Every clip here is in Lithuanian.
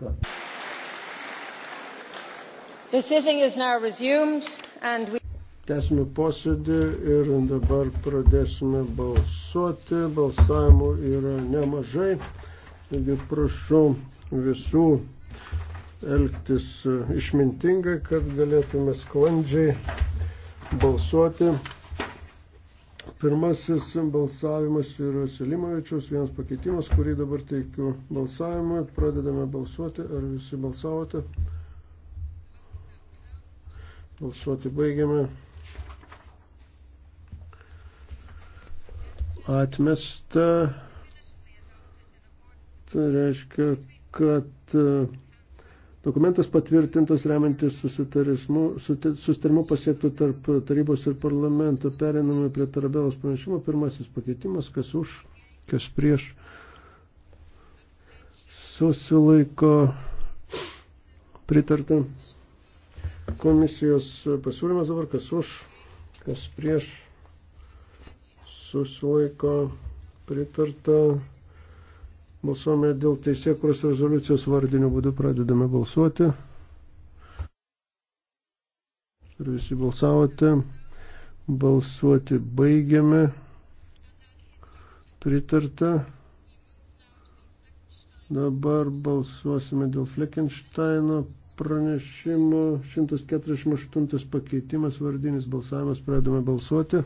We... Tęsime posėdį ir dabar pradėsime balsuoti. Balsavimų yra nemažai. Taigi prašau visų elgtis išmintingai, kad galėtume sklandžiai balsuoti. Pirmasis balsavimas yra Selimovičiaus, vienas pakeitimas, kurį dabar teikiu balsavimui. Pradedame balsuoti, ar visi balsavote. Balsuoti baigiame. Atmesta. Tai reiškia, kad Dokumentas patvirtintas remiantis susitarimu pasiektų tarp tarybos ir parlamento. Periname prie Tarabelos pranešimo. Pirmasis pakeitimas, kas už, kas prieš. Susilaiko pritarta komisijos pasiūlymas dabar, kas už, kas prieš. Susilaiko pritarta. Balsuome dėl teisėkuros rezoliucijos vardinių būdų, pradedame balsuoti. Ir visi balsavote. Balsuoti baigiame. Pritarta. Dabar balsuosime dėl Fleckensteino pranešimo. 148 pakeitimas, vardinis balsavimas, pradame balsuoti.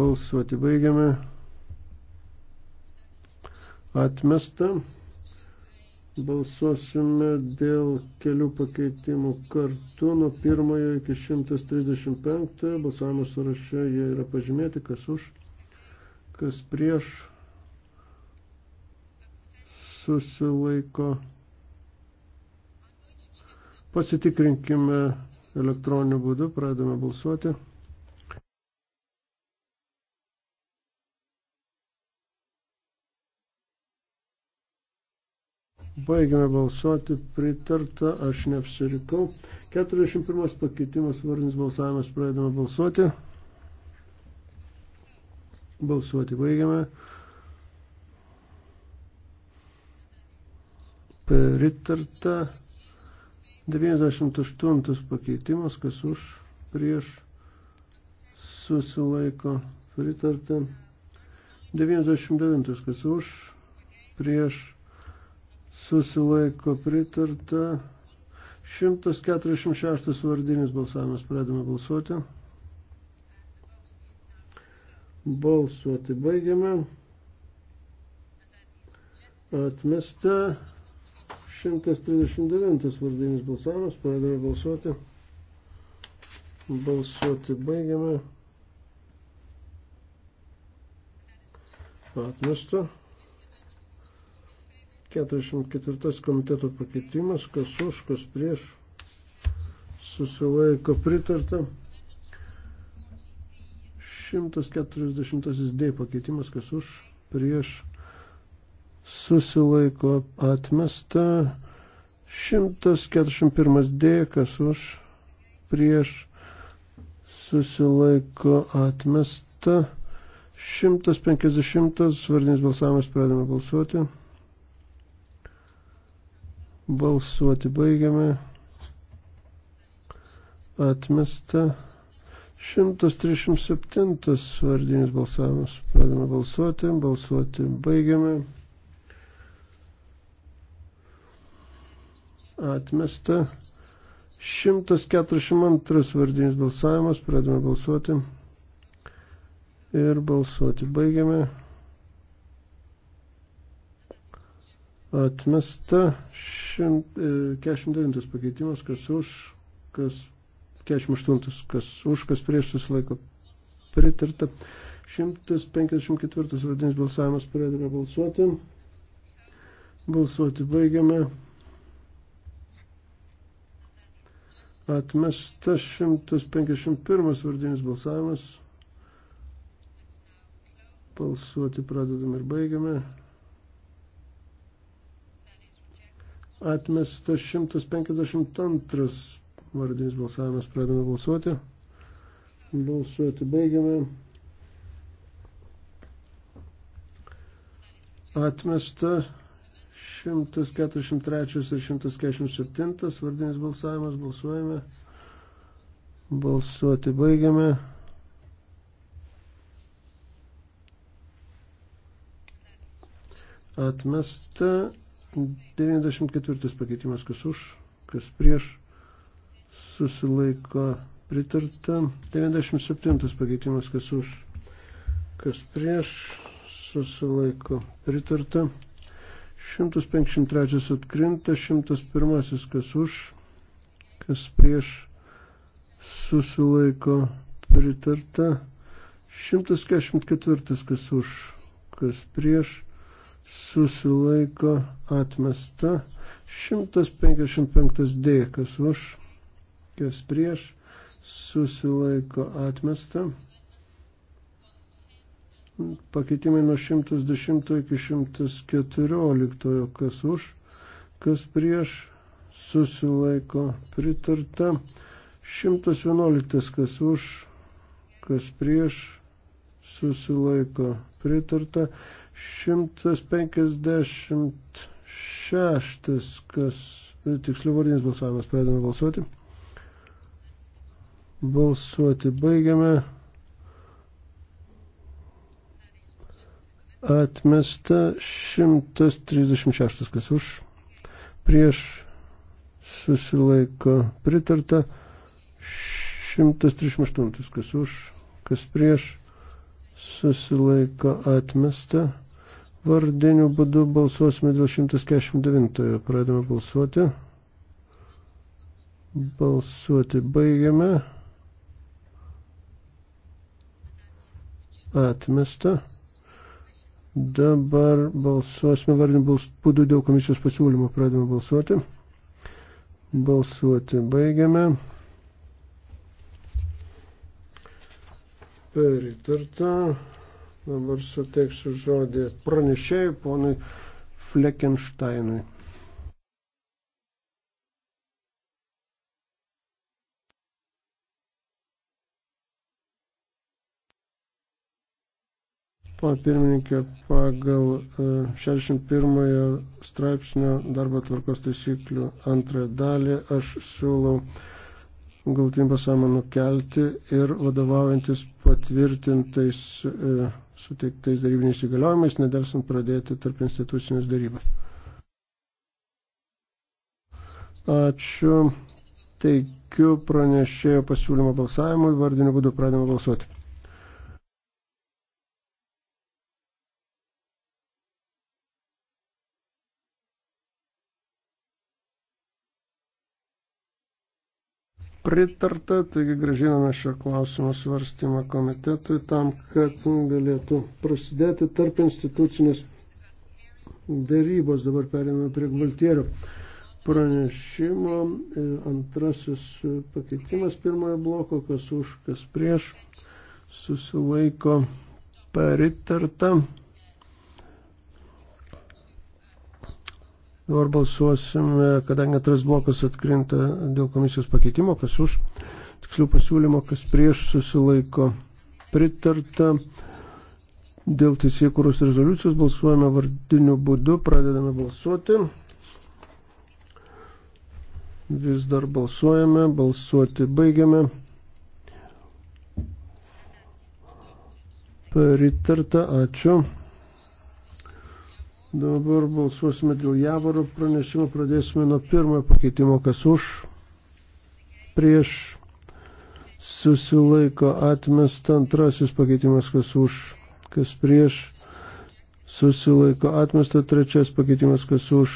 Balsuoti baigiame atmesta. Balsuosime dėl kelių pakeitimų kartu nuo pirmojo iki 135. Balsavimo sąraše jie yra pažymėti, kas už, kas prieš susilaiko. Pasitikrinkime elektroniniu būdu, pradame balsuoti. Baigime balsuoti, pritarta, aš neapsirikau. 41 pakeitimas, vardinis balsavimas, pradedame balsuoti. Balsuoti baigiame. Pritarta 98 pakeitimas, kas už, prieš, susilaiko, pritarta 99, kas už, prieš, susilaiko pritarta. 146 vardinis balsavimas pradame balsuoti. Balsuoti baigiame. Atmesta 139 vardinis balsavimas pradame balsuoti. Balsuoti baigiame. Atmesta 44 komiteto pakeitimas, kas už, kas prieš, susilaiko pritarta. 140 D pakeitimas, kas už, prieš, susilaiko atmesta. 141 D, kas už, prieš, susilaiko atmesta. 150 vardinis balsavimas pradėjome balsuoti. Balsuoti baigiame. Atmesta. 137 vardinis balsavimas. Pradame balsuoti, balsuoti baigiame. Atmesta. 142 vardinis balsavimas. Pradame balsuoti. Ir balsuoti baigiame. Atmesta 49 e, pakeitimas, kas už, kas 48, kas už, kas prieš susilaiko pritarta. 154 radinis balsavimas pradėjome balsuoti. Balsuoti baigiame. Atmestas 151 vardinis balsavimas. Balsuoti pradedam ir baigiame. Atmestas 152 vardinis balsavimas. Pradame balsuoti. Balsuoti baigiame. Atmesta 143 ir 147 vardinis balsavimas. Balsuojame. Balsuoti baigiame. Atmesta 94 pakeitimas, kas už, kas prieš, susilaiko pritarta. 97 pakeitimas, kas už, kas prieš, susilaiko pritarta. 153 atkrinta, 101 kas už, kas prieš, susilaiko pritarta. 144 kas už, kas prieš, susilaiko atmesta 155 D, kas už, kas prieš, susilaiko atmesta. Pakeitimai nuo 110 iki 114, kas už, kas prieš, susilaiko pritarta. 111, kas už, kas prieš, susilaiko pritarta. 156, kas e, tiksliau vardinis balsavimas, pradame balsuoti. Balsuoti baigiame. Atmesta 136, kas už. Prieš susilaiko pritarta 138, kas už, kas prieš susilaiko atmesta Vardiniu būdu balsuosime dėl 149. Pradame balsuoti. Balsuoti baigiame. Atmesta. Dabar balsuosime vardiniu bals, būdu dėl komisijos pasiūlymo. Pradame balsuoti. Balsuoti baigiame. Peritarta. Dabar suteiksiu žodį pranešėjui ponui Fleckensteinui. Pana pirmininkė, pagal 61 e, straipsnio darbo tvarkos taisyklių antrąją dalį aš siūlau galtinį pasamą nukelti ir vadovaujantis patvirtintais e, suteiktais darybiniais įgaliojimais, nedelsant pradėti tarp institucinės darybas. Ačiū. Teikiu pranešėjo pasiūlymą balsavimui, vardiniu būdu pradėjome balsuoti. pritarta, taigi gražiname šio klausimo svarstymą komitetui tam, kad galėtų prasidėti tarp institucinės dėrybos. Dabar perėmėme prie Gvaltierių pranešimo. E, antrasis pakeitimas pirmojo bloko, kas už, kas prieš, susilaiko pritarta. Dabar balsuosime, kadangi antras blokas atkrinta dėl komisijos pakeitimo, kas už, tiksliau pasiūlymo, kas prieš susilaiko pritarta. Dėl teisėkūros rezoliucijos balsuojame vardiniu būdu, pradedame balsuoti. Vis dar balsuojame, balsuoti baigiame. Pritarta, ačiū. Dabar balsuosime dėl Javaro pranešimo, pradėsime nuo pirmojo pakeitimo, kas už, prieš, susilaiko atmesta, antrasis pakeitimas, kas už, kas prieš, susilaiko atmesta, trečias pakeitimas, kas už,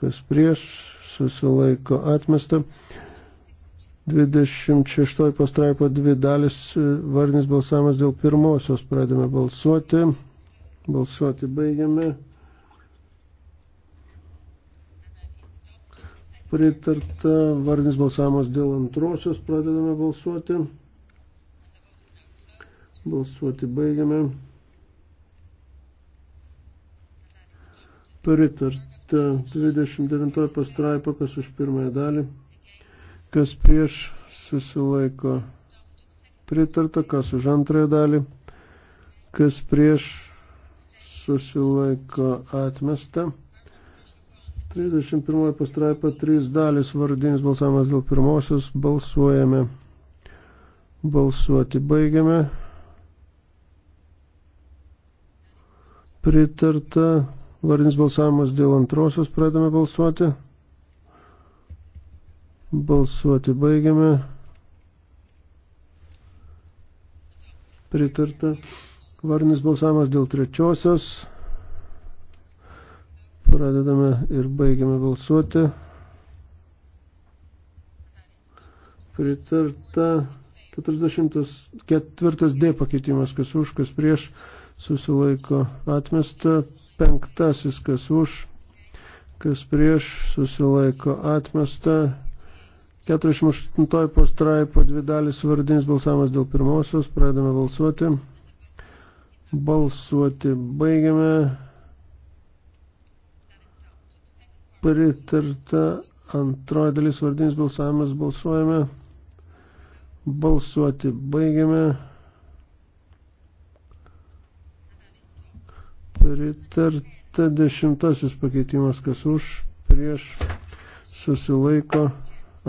kas prieš, susilaiko atmesta. 26 pastraipo dvi dalis e, vardinis balsavimas dėl pirmosios pradėme balsuoti. Balsuoti baigiame. pritarta. Vardinis balsavimas dėl antrosios. Pradedame balsuoti. Balsuoti baigiame. Pritarta 29 pastraipa, kas už pirmąją dalį, kas prieš susilaiko. Pritarta, kas už antrąją dalį, kas prieš susilaiko atmesta. 31 pastraipa 3 dalis vardinis balsavimas dėl pirmosios. Balsuojame. Balsuoti baigiame. Pritarta. Vardinis balsavimas dėl antrosios. Pradame balsuoti. Balsuoti baigiame. Pritarta. Vardinis balsavimas dėl trečiosios. Pradedame ir baigiame balsuoti. Pritarta 44 D pakeitimas, kas už, kas prieš, susilaiko atmesta. Penktasis, kas už, kas prieš, susilaiko atmesta. 48 pastraipo dvi dalis vardinis balsavimas dėl pirmosios, pradame balsuoti. Balsuoti baigiame. pritarta antroji dalis vardinis balsavimas balsuojame. Balsuoti baigiame. Pritarta dešimtasis pakeitimas, kas už, prieš, susilaiko,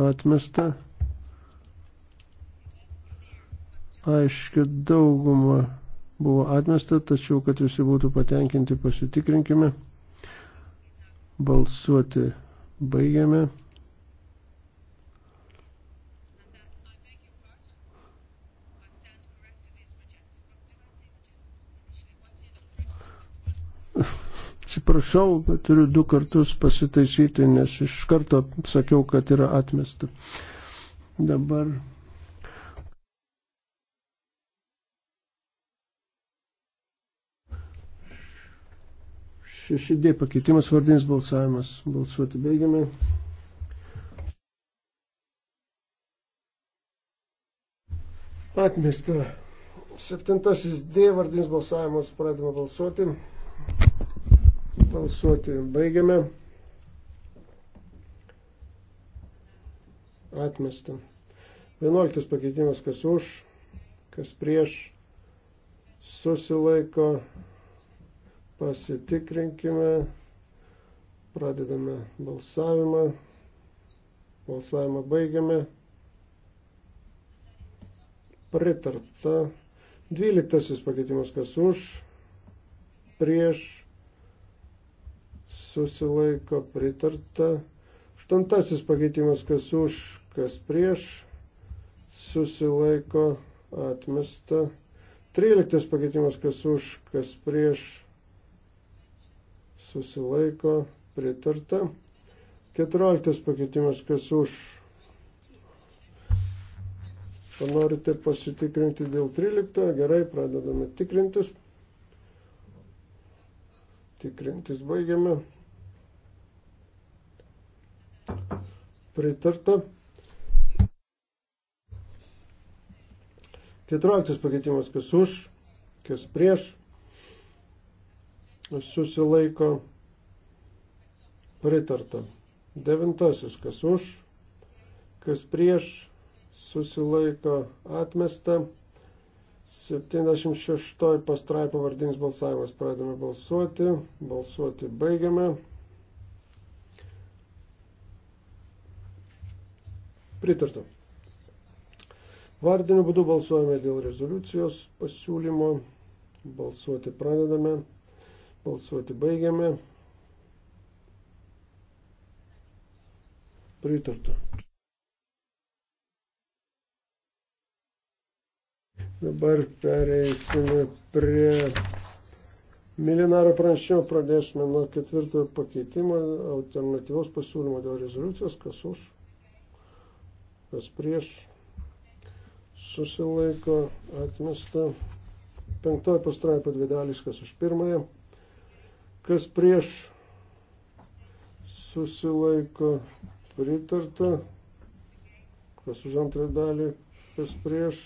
atmesta. Aiški dauguma buvo atmesta, tačiau, kad visi būtų patenkinti, pasitikrinkime. Balsuoti baigiame. Atsiprašau, bet turiu du kartus pasitaisyti, nes iš karto sakiau, kad yra atmesta. Dabar 6D pakeitimas vardinis balsavimas. Balsuoti baigiame. Atmesta. Septintasis D vardinis balsavimas pradama balsuoti. Balsuoti baigiame. Atmesta. Vienuoliktas pakeitimas kas už, kas prieš, susilaiko Pasitikrinkime. Pradedame balsavimą. Balsavimą baigiame. Pritarta. Dvyliktasis pakeitimas, kas už, prieš, susilaiko, pritarta. Aštuntasis pakeitimas, kas už, kas prieš, susilaiko, atmesta. Tryliktas pakeitimas, kas už, kas prieš, susilaiko pritarta. 14 pakeitimas, kas už. Ar norite pasitikrinti dėl 13? Gerai, pradedame tikrintis. Tikrintis baigiame. Pritarta. 14 pakeitimas, kas už, kas prieš susilaiko pritarta. Devintasis, kas už, kas prieš, susilaiko atmesta. 76 pastraipo vardinis balsavimas. Pradame balsuoti. Balsuoti baigiame. Pritarta. Vardiniu būdu balsuojame dėl rezoliucijos pasiūlymo. Balsuoti pradedame. Balsuoti baigiame. Pritarta. Dabar pereisime prie Milinaro pranešimo pradėsime nuo ketvirtojo pakeitimo alternatyvos pasiūlymo dėl rezoliucijos, kas už, kas prieš, susilaiko, atmesta. Penktoji pastraipa dvi dalys, kas už pirmąją, Kas prieš susilaiko pritarta. Kas už antrą dalį, kas prieš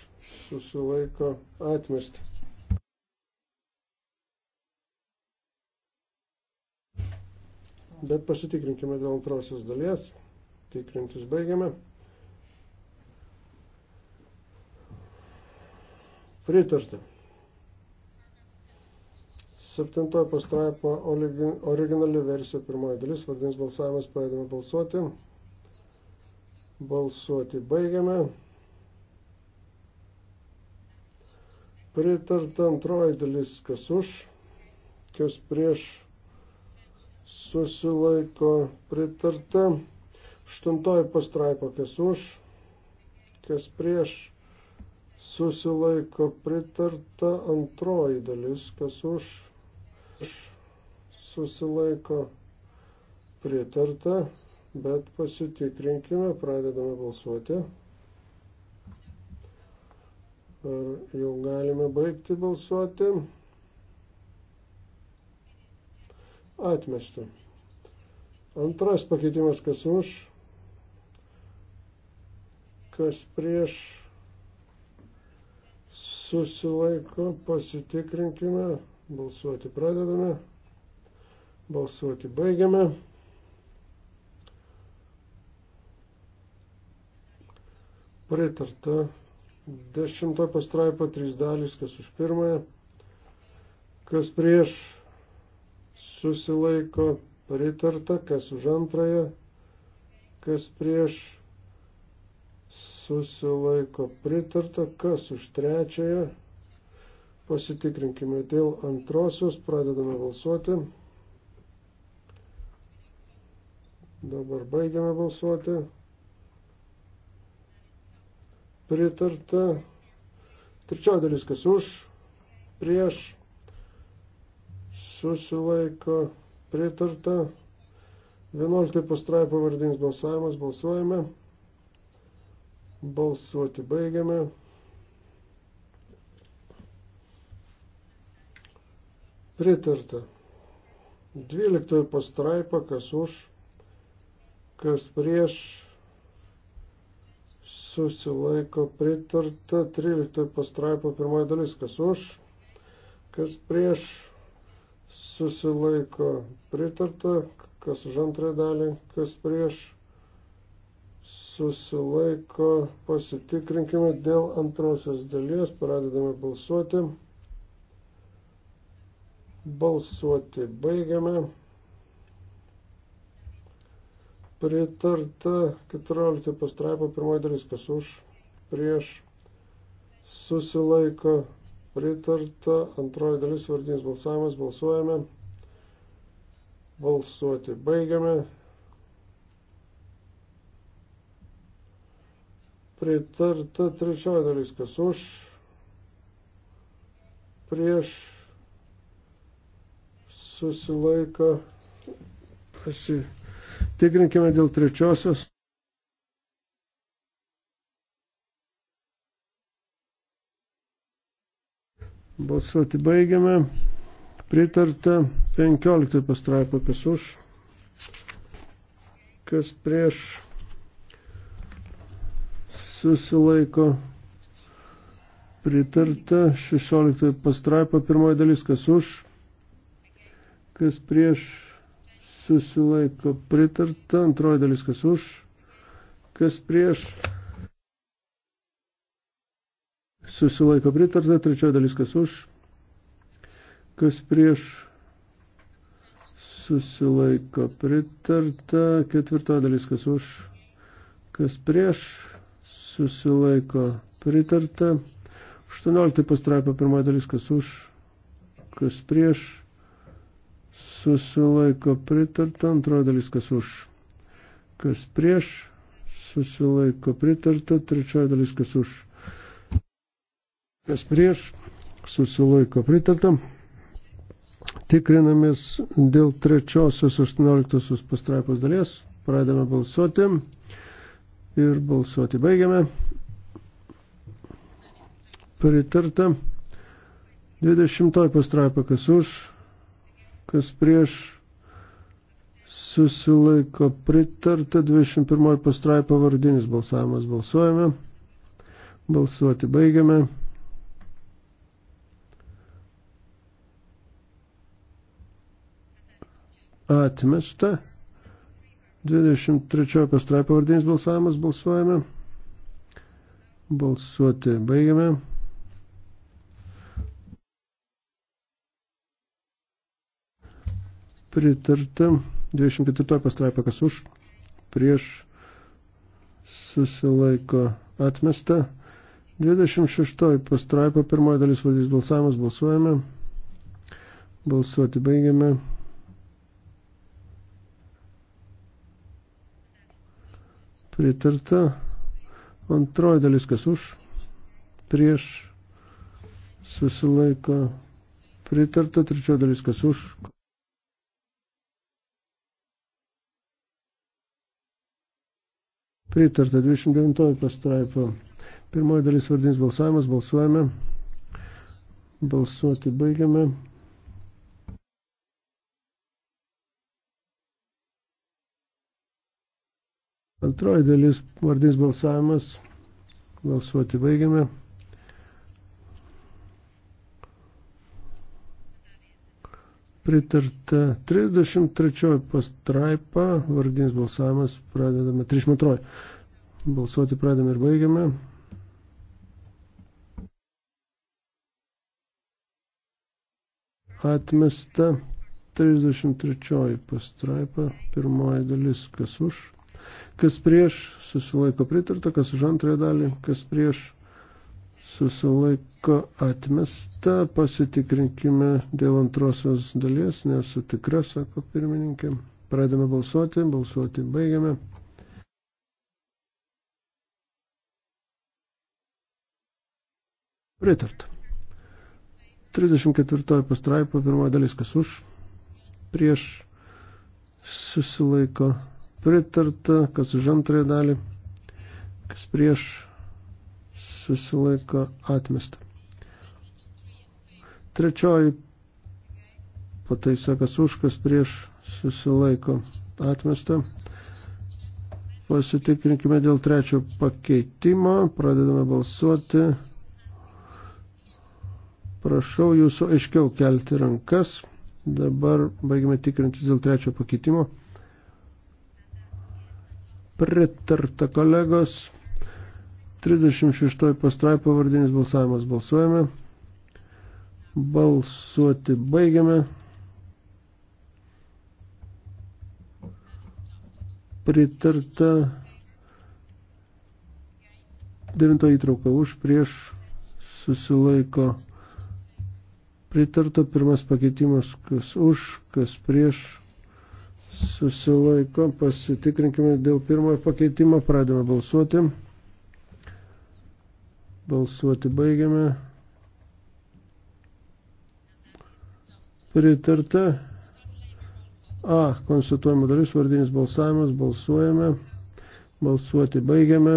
susilaiko atmesti. Bet pasitikrinkime dėl antrosios dalies. Tikrintis baigiame. Pritarta. Septintoji pastraipa originali versija pirmoji dalis, vadinis balsavimas, pradedame balsuoti. Balsuoti baigiame. Pritarta antroji dalis, kas už, kas prieš susilaiko pritarta. Aštuntoji pastraipa, kas už, kas prieš susilaiko pritarta. Antroji dalis, kas už susilaiko pritarta, bet pasitikrinkime, pradedame balsuoti. Ar jau galime baigti balsuoti? Atmesti. Antras pakeitimas, kas už, kas prieš susilaiko, pasitikrinkime. Balsuoti pradedame. Balsuoti baigiame. Pritarta. Dešimtoj pastraipa trys dalys, kas už pirmąją, kas prieš susilaiko pritarta, kas už antrąją, kas prieš susilaiko pritarta, kas už trečiąją Pasitikrinkime dėl antrosios, pradedame balsuoti. Dabar baigiame balsuoti. Pritarta. Trečioji dalis, kas už, prieš, susilaiko, pritarta. 11 pastraipo vardinis balsavimas, balsuojame. Balsuoti baigiame. Pritarta. 12 pastraipa, kas už, kas prieš, susilaiko pritarta. 13 pastraipa, pirmoji dalis, kas už, kas prieš, susilaiko pritarta. Kas už antrąją dalį, kas prieš, susilaiko pasitikrinkime dėl antrosios dalies, pradedame balsuoti. Balsuoti baigiame. Pritarta 14 pastraipo pirmoji dalis, kas už, prieš, susilaiko, pritarta antroji dalis, vardinis balsavimas, balsuojame. Balsuoti baigiame. Pritarta trečioji dalis, kas už, prieš, susilaiko pasitikrinkime dėl trečiosios. Balsuoti baigiame. Pritarta 15 pastraipą, kas už, kas prieš susilaiko pritarta 16 pastraipa pirmoji dalis, kas už, kas prieš susilaiko pritarta, antroji dalis kas už, kas prieš susilaiko pritarta, trečioji dalis kas už, kas prieš susilaiko pritarta, ketvirtoji dalis kas už, kas prieš susilaiko pritarta, 18 pastraipa pirmoji dalis kas už, kas prieš susilaiko pritarta, antroji dalis kas už, kas prieš, susilaiko pritarta, trečioji dalis kas už, kas prieš, susilaiko pritarta. Tikrinamės dėl trečiosios 18 pastraipos dalies, pradame balsuoti ir balsuoti baigiame. Pritarta. 20 pastraipa kas už, kas prieš susilaiko pritarta 21 pastraipa vardinis balsavimas. Balsuojame. Balsuoti baigiame. Atmesta. 23 pastraipa vardinis balsavimas. Balsuojame. Balsuoti baigiame. pritarta. 24 pastraipa, kas už, prieš, susilaiko atmesta. 26 pastraipa, pirmoji dalis valdys balsavimas, balsuojame. Balsuoti baigiame. Pritarta. Antroji dalis kas už, prieš, susilaiko pritarta. Trečioji dalis kas už, Pritarta 29 pastraipo. Pirmoji dalis vardinis balsavimas. Balsuojame. Balsuoti baigiame. Antroji dalis vardinis balsavimas. Balsuoti baigiame. pritarta 33 pastraipa, vardinis balsavimas, pradedame 32. Balsuoti pradedame ir baigiame. Atmesta 33 pastraipa, pirmoji dalis, kas už, kas prieš, susilaiko pritarta, kas už antrąją dalį, kas prieš, susilaiko atmesta, pasitikrinkime dėl antrosios dalies, nesu tikra, sako pirmininkė. Pradėme balsuoti, balsuoti baigiame. Pritarta. 34 pastraipo, pirmoji dalis, kas už, prieš, susilaiko, pritarta, kas už antrąją dalį, kas prieš, susilaiko atmesta. Trečioji pataisa, kas už, kas prieš susilaiko atmesta. Pasitikrinkime dėl trečio pakeitimo, pradedame balsuoti. Prašau jūsų aiškiau kelti rankas. Dabar baigime tikrintis dėl trečio pakeitimo. Pritarta kolegos. 36 pastraipo vardinis balsavimas balsuojame. Balsuoti baigiame. Pritarta 9 įtrauka už prieš susilaiko. Pritarta pirmas pakeitimas, kas už, kas prieš susilaiko. Pasitikrinkime dėl pirmojo pakeitimo, pradėme balsuoti. Balsuoti baigiame. Pritarta. A. Konstatuojama dalis, vardinis balsavimas, balsuojame. Balsuoti baigiame.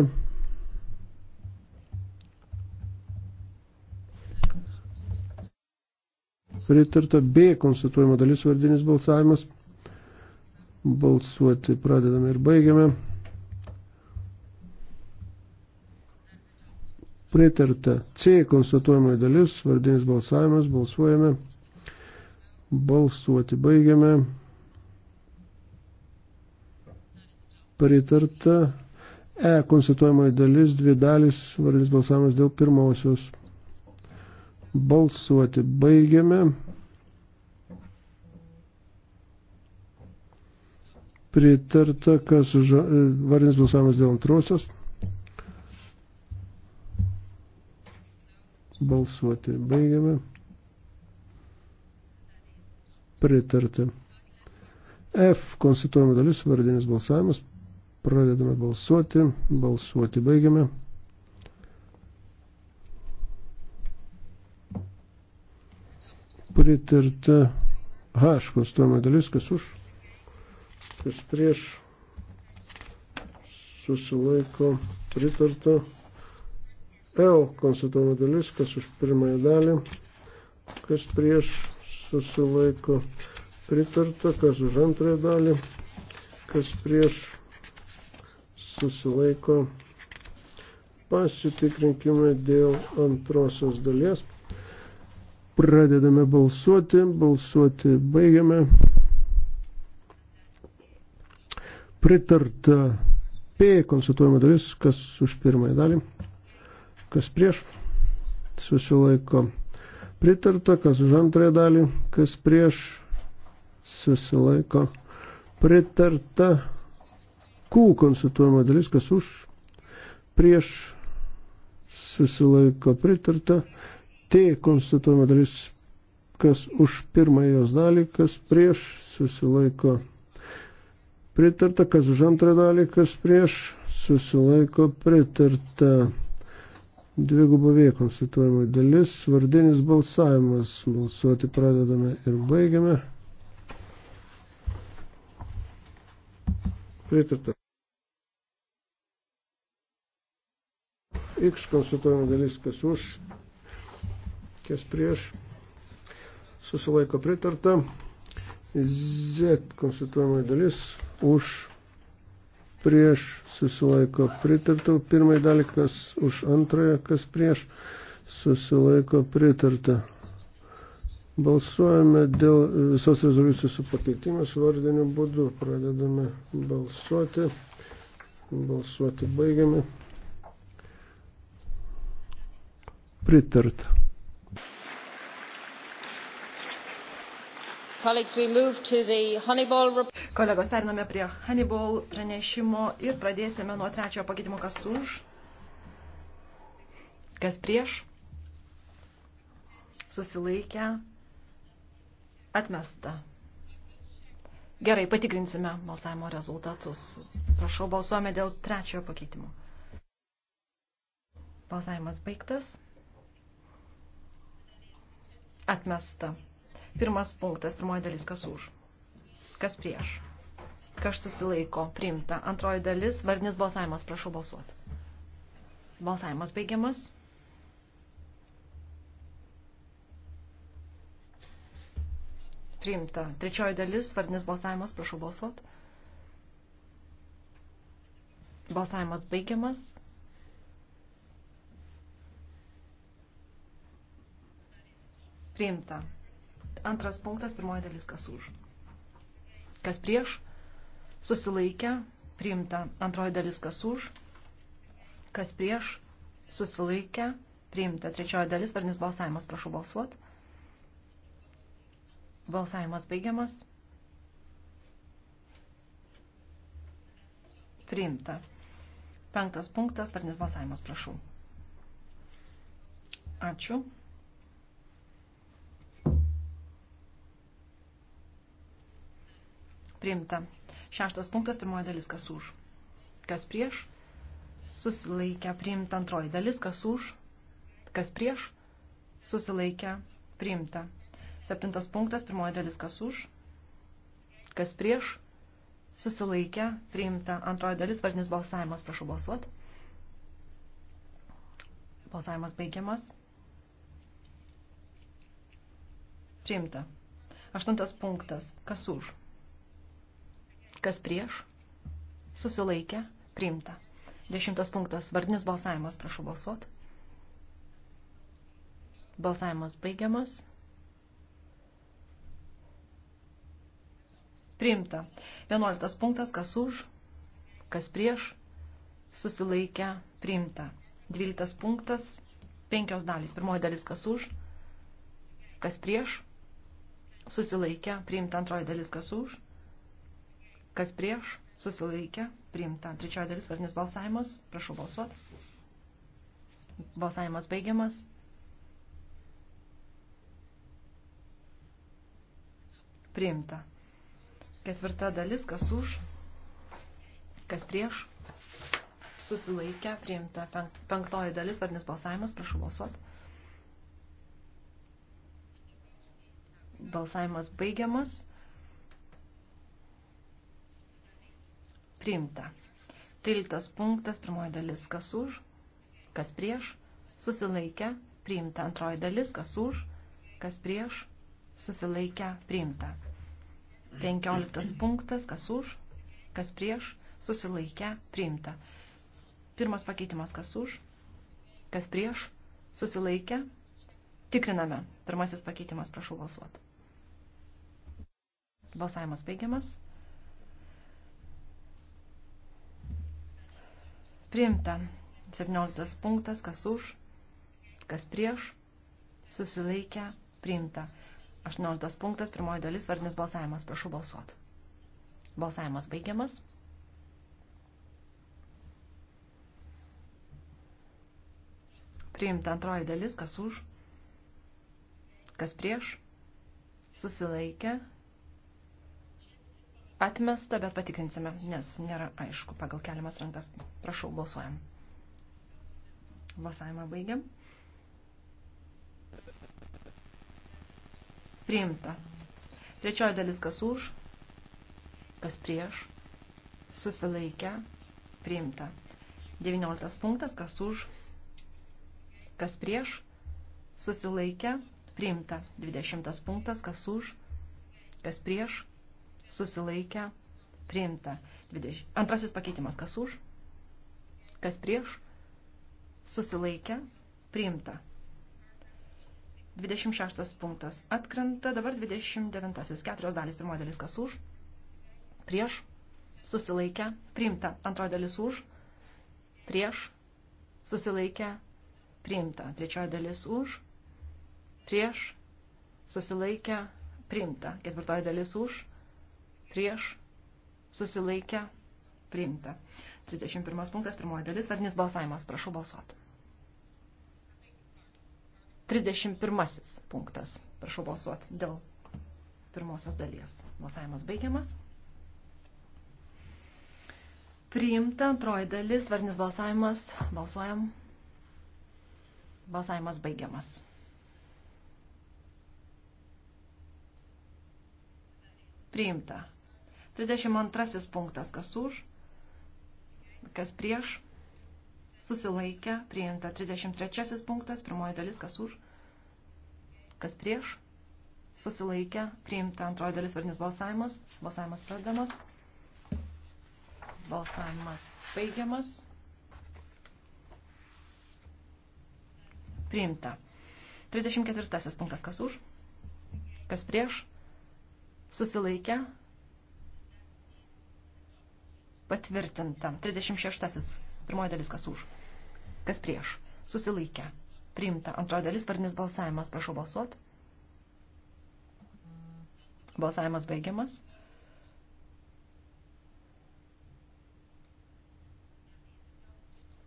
Pritarta B. Konstatuojama dalis, vardinis balsavimas. Balsuoti pradedame ir baigiame. pritarta. C konstatuojama dalis, vardinis balsavimas, balsuojame. Balsuoti baigiame. Pritarta. E konstatuojama dalis, dvi dalis, vardinis balsavimas dėl pirmosios. Balsuoti baigiame. Pritarta, kas e, vardinis balsavimas dėl antrosios. Balsuoti baigiame. Pritarti. F konstituojama dalis, vardinis balsavimas. Pradedame balsuoti. Balsuoti baigiame. Pritarta H konstituojama dalis, kas už, kas prieš susilaiko pritarta. L konstatuojama dalis, kas už pirmąją dalį, kas prieš susilaiko pritarta, kas už antrąją dalį, kas prieš susilaiko pasitikrinkime dėl antrosios dalies. Pradedame balsuoti, balsuoti baigiame. Pritarta P konstatuojama dalis, kas už pirmąją dalį kas prieš susilaiko pritarta, kas už antrąją dalį, kas prieš susilaiko pritarta. Q konsultuojama dalis, kas už prieš susilaiko pritarta. T konstatuojama dalis, kas už pirmąją jos dalį, kas prieš susilaiko pritarta, kas už antrą dalį, kas prieš susilaiko pritarta. Dvigubų vėjų konstituojama dalis, vardinis balsavimas, balsuoti pradedame ir baigiame. Pritarta. X konstituojama dalis, kas už, kas prieš, susilaiko pritarta. Z konstituojama dalis, už, prieš, susilaiko pritarta, pirmai dalį, kas už antrąją, kas prieš, susilaiko pritarta. Balsuojame dėl visos rezoliucijos su pakeitimas vardiniu būdu. Pradedame balsuoti. Balsuoti baigiame. Pritarta. Kolegos, periname prie Hannibal pranešimo ir pradėsime nuo trečiojo pakeitimo, kas už, kas prieš, susilaikę, atmesta. Gerai, patikrinsime balsavimo rezultatus. Prašau, balsuojame dėl trečiojo pakeitimo. Balsavimas baigtas. Atmesta. Pirmas punktas, pirmoji dalis, kas už, kas prieš, kas susilaiko, priimta. Antroji dalis, vardinis balsavimas, prašau balsuoti. Balsavimas baigiamas. Priimta. Trečioji dalis, vardinis balsavimas, prašau balsuoti. Balsavimas baigiamas. Priimta. Antras punktas, pirmoji dalis, kas už. Kas prieš, susilaikę, priimta. Antroji dalis, kas už. Kas prieš, susilaikę, priimta. Trečioji dalis, varnis balsavimas, prašau balsuot. Balsavimas baigiamas. Priimta. Penktas punktas, varnis balsavimas, prašau. Ačiū. Priimta. Šeštas punktas, pirmoji dalis, kas už. Kas prieš? Susilaikę. Priimta antroji dalis, kas už. Kas prieš? Susilaikę. Priimta. Septintas punktas, pirmoji dalis, kas už. Kas prieš? Susilaikę. Priimta. Antroji dalis, vardinis balsavimas. Prašau balsuoti. Balsavimas baigiamas. Priimta. Aštuntas punktas. Kas už? Kas prieš? Susilaikę. Priimta. Dešimtas punktas. Vardinis balsavimas. Prašau balsuot. Balsavimas baigiamas. Priimta. Vienuoliktas punktas. Kas už? Kas prieš? Susilaikę. Priimta. Dvyliktas punktas. Penkios dalys. Pirmoji dalis. Kas už? Kas prieš? Susilaikę. Priimta. Antroji dalis. Kas už? Kas prieš? Susilaikė. Priimta. Trečioji dalis vardinis balsavimas. Prašau balsuot. Balsavimas baigiamas. Priimta. Ketvirta dalis. Kas už? Kas prieš? Susilaikę. Priimta. Penktoji dalis vardinis balsavimas. Prašau balsuot. Balsavimas baigiamas. priimta. 13 punktas, pirmoji dalis, kas už, kas prieš, susilaikę, priimta. Antroji dalis, kas už, kas prieš, susilaikę, priimta. 15 punktas, kas už, kas prieš, susilaikę, priimta. Pirmas pakeitimas, kas už, kas prieš, susilaikę, tikriname. Pirmasis pakeitimas, prašau balsuoti. Balsavimas baigiamas. Priimta. 17 punktas, kas už, kas prieš, susilaikę, priimta. 18 punktas, pirmoji dalis, vardinis balsavimas. Prašau balsuoti. Balsavimas baigiamas. Priimta antroji dalis, kas už, kas prieš, susilaikę, Atmesta, bet patikrinsime, nes nėra aišku pagal keliamas rankas. Prašau, balsuojam. Balsavimą baigiam. Priimta. Trečioji dalis kas už, kas prieš, susilaikę, priimta. 19 punktas, kas už, kas prieš, susilaikę, priimta. 20 punktas, kas už, kas prieš, susilaikę, priimta. 20. Antrasis pakeitimas, kas už, kas prieš, susilaikę, priimta. 26 punktas atkrenta, dabar 29. Keturios dalys, pirmoji dalis kas už, prieš, susilaikę, priimta. Antroji dalis už, prieš, susilaikę, priimta. Trečioji dalis už, prieš, susilaikę, priimta. Ketvirtoji dalis už, prieš, susilaikę, priimta. 31 punktas, pirmoji dalis, vardinis balsavimas, prašau balsuoti. 31 punktas, prašau balsuoti dėl pirmosios dalies. Balsavimas baigiamas. Priimta antroji dalis, vardinis balsavimas, balsuojam. Balsavimas baigiamas. Priimta. 32 punktas, kas už, kas prieš, susilaikę, priimta. 33 punktas, pirmoji dalis, kas už, kas prieš, susilaikę, priimta. Antroji dalis vardinis balsavimas, balsavimas pradedamas, balsavimas baigiamas, priimta. 34 punktas, kas už, kas prieš, susilaikę, patvirtinta. 36. Pirmoji dalis kas už. Kas prieš. Susilaikę. Priimta. Antroji dalis vardinis balsavimas. Prašau balsuot. Balsavimas baigiamas.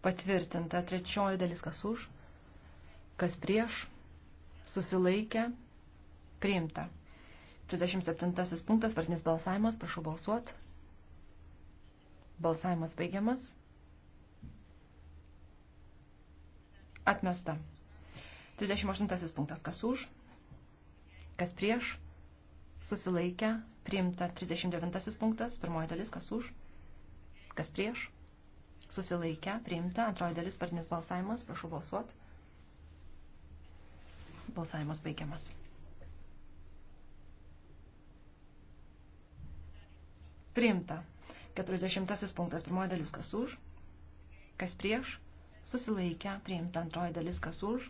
Patvirtinta. Trečioji dalis kas už. Kas prieš. Susilaikę. Priimta. 37 punktas, vardinis balsavimas, prašau balsuot. Balsavimas baigiamas. Atmesta. 38 punktas. Kas už? Kas prieš? Susilaikę. Priimta. 39 punktas. Pirmoji dalis. Kas už? Kas prieš? Susilaikę. Priimta. Antroji dalis. Partinis balsavimas. Prašau balsuot. Balsavimas baigiamas. Priimta. 40 punktas, pirmoji dalis kas už, kas prieš, susilaikę, priimta. Antroji dalis kas už,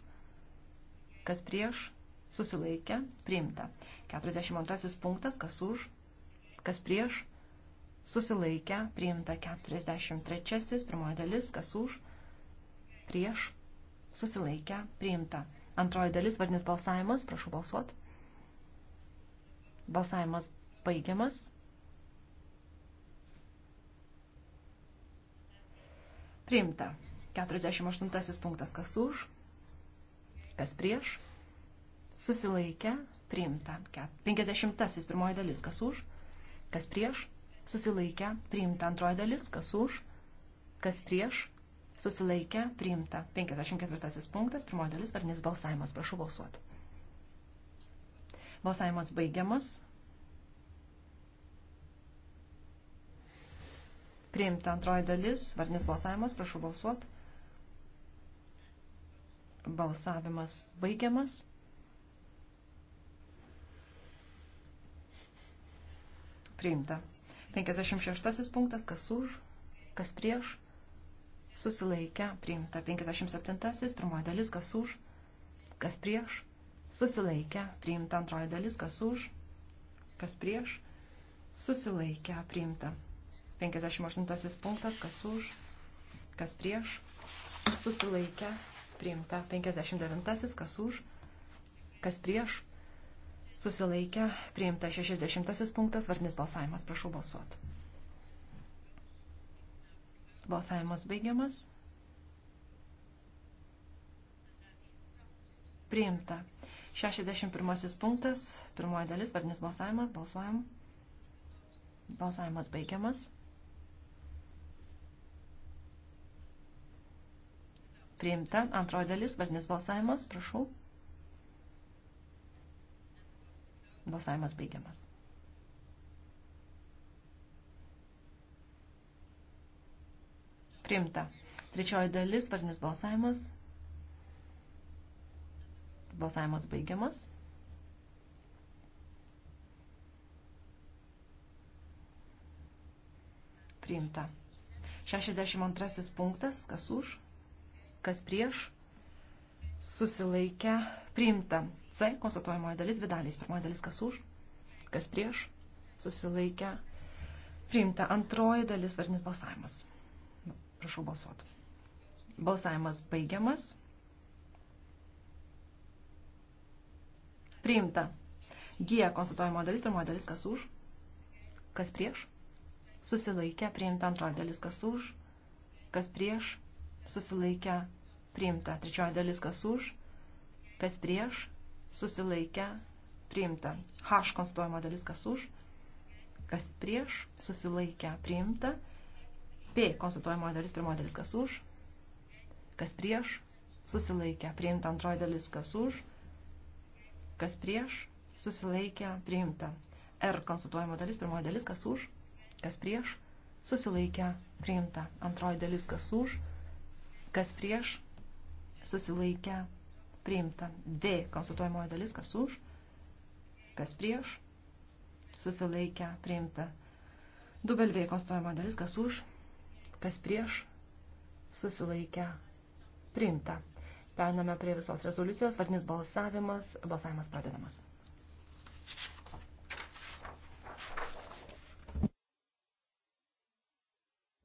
kas prieš, susilaikę, priimta. 42 punktas kas už, kas prieš, susilaikę, priimta. 43 pirmoji dalis kas už, prieš, susilaikę, priimta. Antroji dalis vardinis balsavimas, prašau balsuot. Balsavimas baigiamas. Priimta. 48 punktas kas už, kas prieš, susilaikę, priimta. 50 pirmoji dalis kas už, kas prieš, susilaikę, priimta. Antroji dalis kas už, kas prieš, susilaikę, priimta. 54 punktas, pirmoji dalis, varnis balsavimas, prašau balsuoti. Balsavimas baigiamas. Priimta antroji dalis, varnis balsavimas, prašau balsuot. Balsavimas baigiamas. Priimta. 56 punktas, kas už, kas prieš, susilaikę, priimta. 57, pirmoji dalis, kas už, kas prieš, susilaikę, priimta. Antroji dalis, kas už, kas prieš, susilaikę, priimta. 58 punktas, kas už, kas prieš, susilaikę, priimta. 59 kas už, kas prieš, susilaikę, priimta. 60 punktas, varnis balsavimas, prašau balsuoti. Balsavimas baigiamas. Priimta. 61 punktas, pirmoji dalis, vardinis balsavimas, balsuojam. Balsavimas baigiamas. Priimta. Antroji dalis, vardinis balsavimas, prašau. Balsavimas baigiamas. Priimta. Trečioji dalis, vardinis balsavimas. Balsavimas baigiamas. Priimta. 62 punktas, kas už? kas prieš, susilaikę, priimta. C, konstatuojamoji dalis, dvi dalys. Pirmoji dalis, kas už, kas prieš, susilaikę, priimta. Antroji dalis, varnis balsavimas. Prašau balsuoti. Balsavimas baigiamas. Priimta. G, konstatuojamoji dalis, pirmoji dalis, kas už, kas prieš, susilaikę, priimta. Antroji dalis, kas už, kas prieš, susilaikę priimta. Trečioji dalis kas už, kas prieš, susilaikę priimta. H konstruojama dalis kas už, kas prieš, susilaikę priimta. P konstatuojama dalis pirmoji dalis kas už, kas prieš, susilaikę priimta. Antroji dalis kas už, kas prieš, susilaikę priimta. R konstatuojama dalis pirmoji dalis kas už, kas prieš, susilaikę priimta. Antroji dalis kas už, kas prieš, Kas prieš? Susilaikę. Priimta. D. Konsultuojamoji dalis. Kas už? Kas prieš? Susilaikę. Priimta. Dubel V. Konsultuojamoji dalis. Kas už? Kas prieš? Susilaikę. Priimta. Periname prie visos rezoliucijos. Vardinis balsavimas. Balsavimas pradedamas.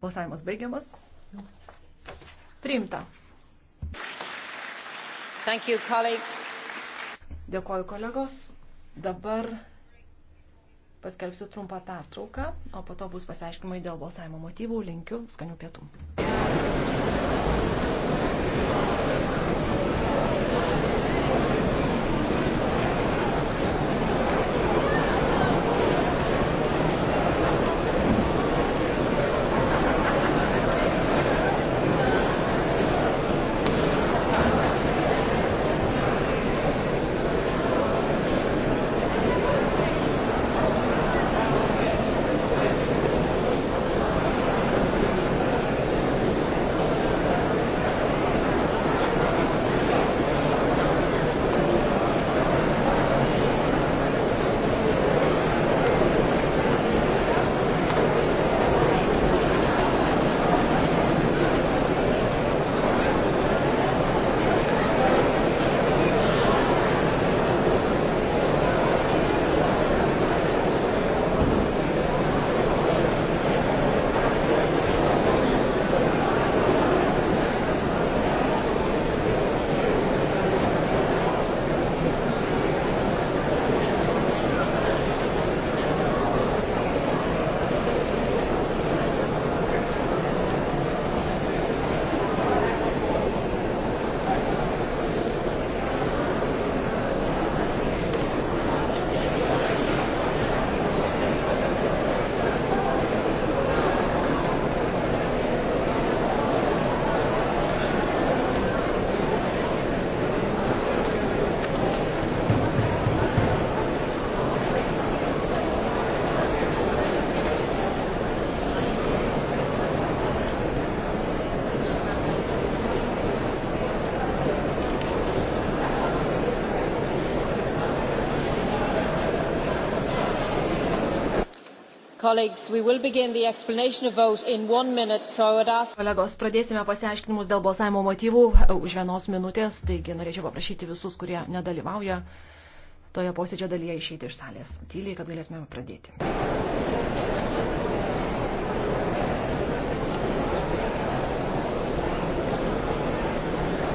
Balsavimas baigiamas. Priimta. Thank you, colleagues. Dėkoju kolegos. Dabar paskelbsiu trumpą pertrauką, o po to bus pasiaiškimai dėl balsavimo motyvų. Linkiu skanių pietų. Kolegos, pradėsime pasiaiškinimus dėl balsavimo motyvų e, už vienos minutės, taigi norėčiau paprašyti visus, kurie nedalyvauja toje posėdžio dalyje, išeiti iš salės tyliai, kad galėtume pradėti.